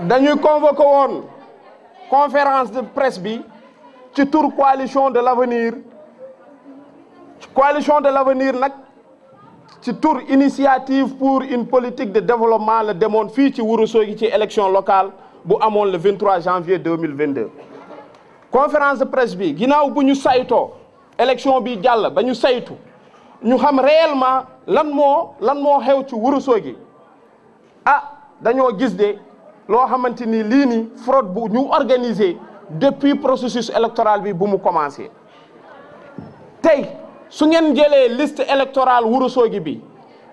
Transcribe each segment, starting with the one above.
Nous avons convoqué une conférence de presse bi ci tour coalition de l'avenir coalition de l'avenir nak ci initiative pour une politique de développement le démon fi ci Ourossogui ci élection locale bu le 23 janvier 2022 conférence de presse bi ginaaw bu ñu élection bi jall ba ñu saytu ñu xam réellement lan mo lan mo xew ci locale dañoo gis de loo xamante ni lii nii fraude bu ñu organisé depuis processus électoral bi bu mu commencé tey su ngeen jëlee liste électorale Ourossogui bi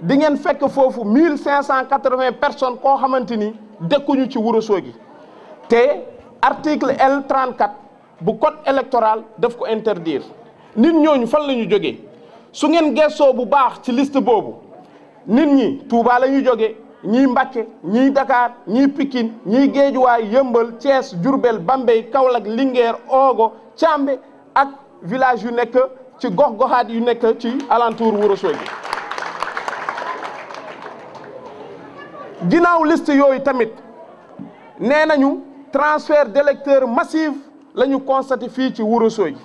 di ngeen fekk foofu 1580 personnes koo xamante ni dëkkuñu ci Ourossogui te article L 34 bu code électoral daf ko interdire nit ñooñu fan la ñu jógee su ngeen gëstoo bu baax ci liste boobu nit ñi Touba la ñu jógee ñii Mbàkke ñii Dakar ñii pikin ñii Géejuwaay Yëmbal Thiès Diourbel Bambey Kaolack Linguère Ogo Thiambe ak village yu nekk ci gox-goxaat yu nekk ci alentour Ourossogui ginnaaw liste yooyu tamit nee nañu transfert d'électeurs massif la ñu constaté fii ci Ourossogui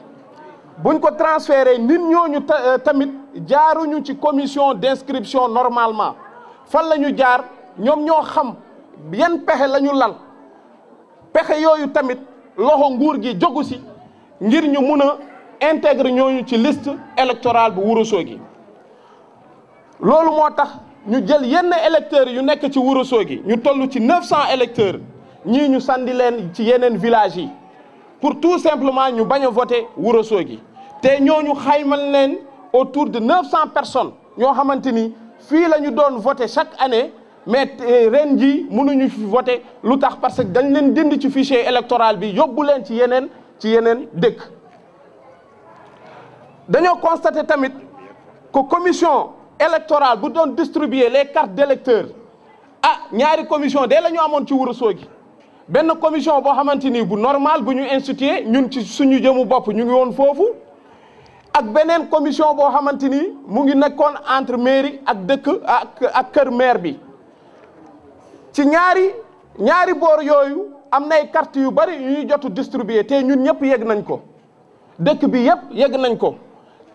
buñ ko transféré nit ñooñu tamit jaaruñu ci commission d'inscription normalement fan lañu jaar ñoom ñoo xam yan pexe lañu lal pexe yooyu tamit loxo nguur gi jogu si ngir ñu mun a intégrer ñooñu ci liste électorale bu Ourossogui loolu moo tax ñu jël yenn électeurs yu nekk ci gi ñu toll ci 900 électeurs ñii ñu sandi leen ci yeneen village yi pour tout simplement ñu bañ a voter gi te ñooñu xaymal leen autour de 900 personnes ñoo xamante ni fii nous donne doon chaque année mais eh, ren jii mënuñu fi voter lu parce que dañ leen dindi ci fichier électoral bi yóbbu leen ci yeneen ci yeneen dëkk. dañoo constaté tamit que commission électorale bu doon distribuer les cartes d'électeurs ah ñaari commission dès la ñu amoon ci Ben benn commission va xamante bu normal bu ñu institué ñun ci suñu jëmu bopp ñu ngi woon foofu. ak beneen commission boo xamante ni mu ngi nekkoon entre mairie ak dëkk ak ak kër maire bi ci ñaari ñaari boor yooyu am nay carte yu bari yu ñu jotu distribuer te ñun ñëpp yegg nañ ko dëkk bi yëpp yegg nañ ko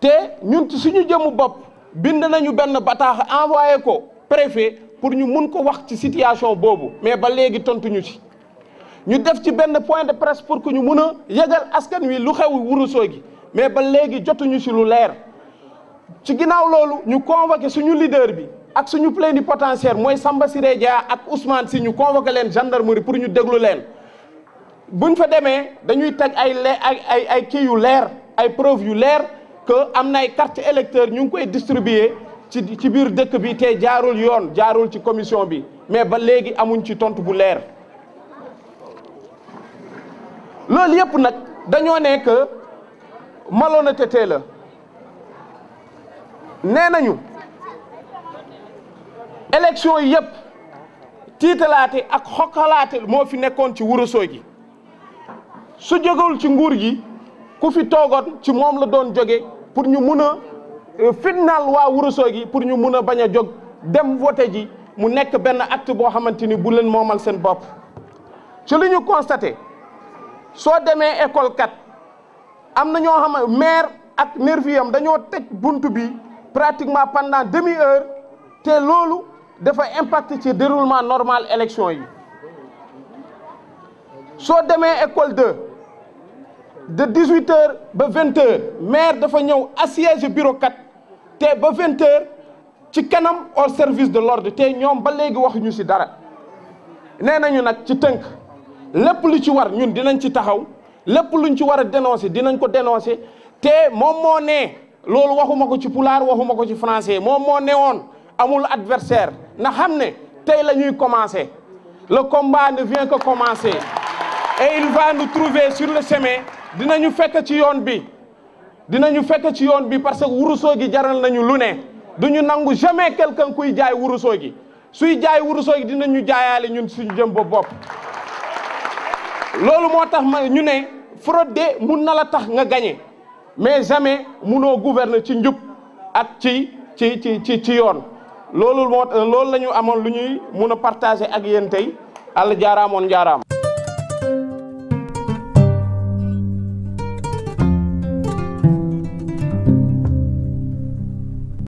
te ñun ci suñu jëmu bopp bind nañu benn bataax envoyé ko préfet pour ñu mun ko wax ci situation boobu mais ba léegi tontuñu ci ñu def ci benn point de presse pour que ñu mun a yëgal askan wi lu xew Ourossogui gi mais ba léegi jotuñu ci lu leer ci ginnaaw loolu ñu convoqué suñu leader bi ak suñu plénipotentiaire mooy Samba Siré Dia ak Ousmane Sy ñu convoqué leen gendarmerie pour ñu déglu leen buñ fa demee dañuy tag ay le ay ay ay kii yu leer ay preuve yu leer que am na ay carte électeur ñu ngi koy distribuer ci ci biir dëkk bi te jaarul yoon jaarul ci commission bi mais ba léegi amuñ ci tontu bu leer loolu yëpp nag dañoo ne malhonnêteté la nee nañu élection yëpp tiitalaate ak xokkalaate moo fi nekkoon ci wurusoo gi su jógewul ci nguur gi ku fi toogoon ci moom la doon jóge pour ñu mun a euh, fitnaal waa wurusoo gi pour ñu mun a bañ a jóg dem voté ji mu nekk benn acte boo xamante ni bu leen moomal seen bopp ci li ñu constaté soo demee école kat am na ñoo xam maire ak nervi yam dañoo teg bunt bi pratiquement pendant demi heure te loolu dafa impact ci déroulement normal élection yi soo demee école de de 18 heures ba 20 maire dafa ñëw assiège bureau 4 te ba 20 ci kanam au service de l'ordre te ñoom ba léegi wax waxuñu ci dara nee nañu nag ci tënk lépp li ci war ñun dinañ ci taxaw lepp luñ ci war a dénoncer dinañ ko dénoncer te moom moo ne loolu waxuma ko ci pulaar waxuma ko ci français moom moo ne woon amul adversaire na xam ne tey la ñuy commencer le combat ne vient que commencer et il va nous trouver sur le chemin dinañu fekk ci yoon bi dinañu fekk ci yoon bi parce que wurusoo gi jaral nañu lu ne duñu nangu jamais quelqu'un kuy jaay wurusoo gi suy jaay wurusoo gi dinañu jaayaale ñun suñu jëm ba bopp loolu moo tax ma ñu ne de mun nala tax nga gañe mais jamais munoo gouverner ci njub at ci ci ci ci ci yoon loolu moo loolu la ñu amoon lu ñuy mun a partager ak yéen tey àll jaaraamoon jaaraam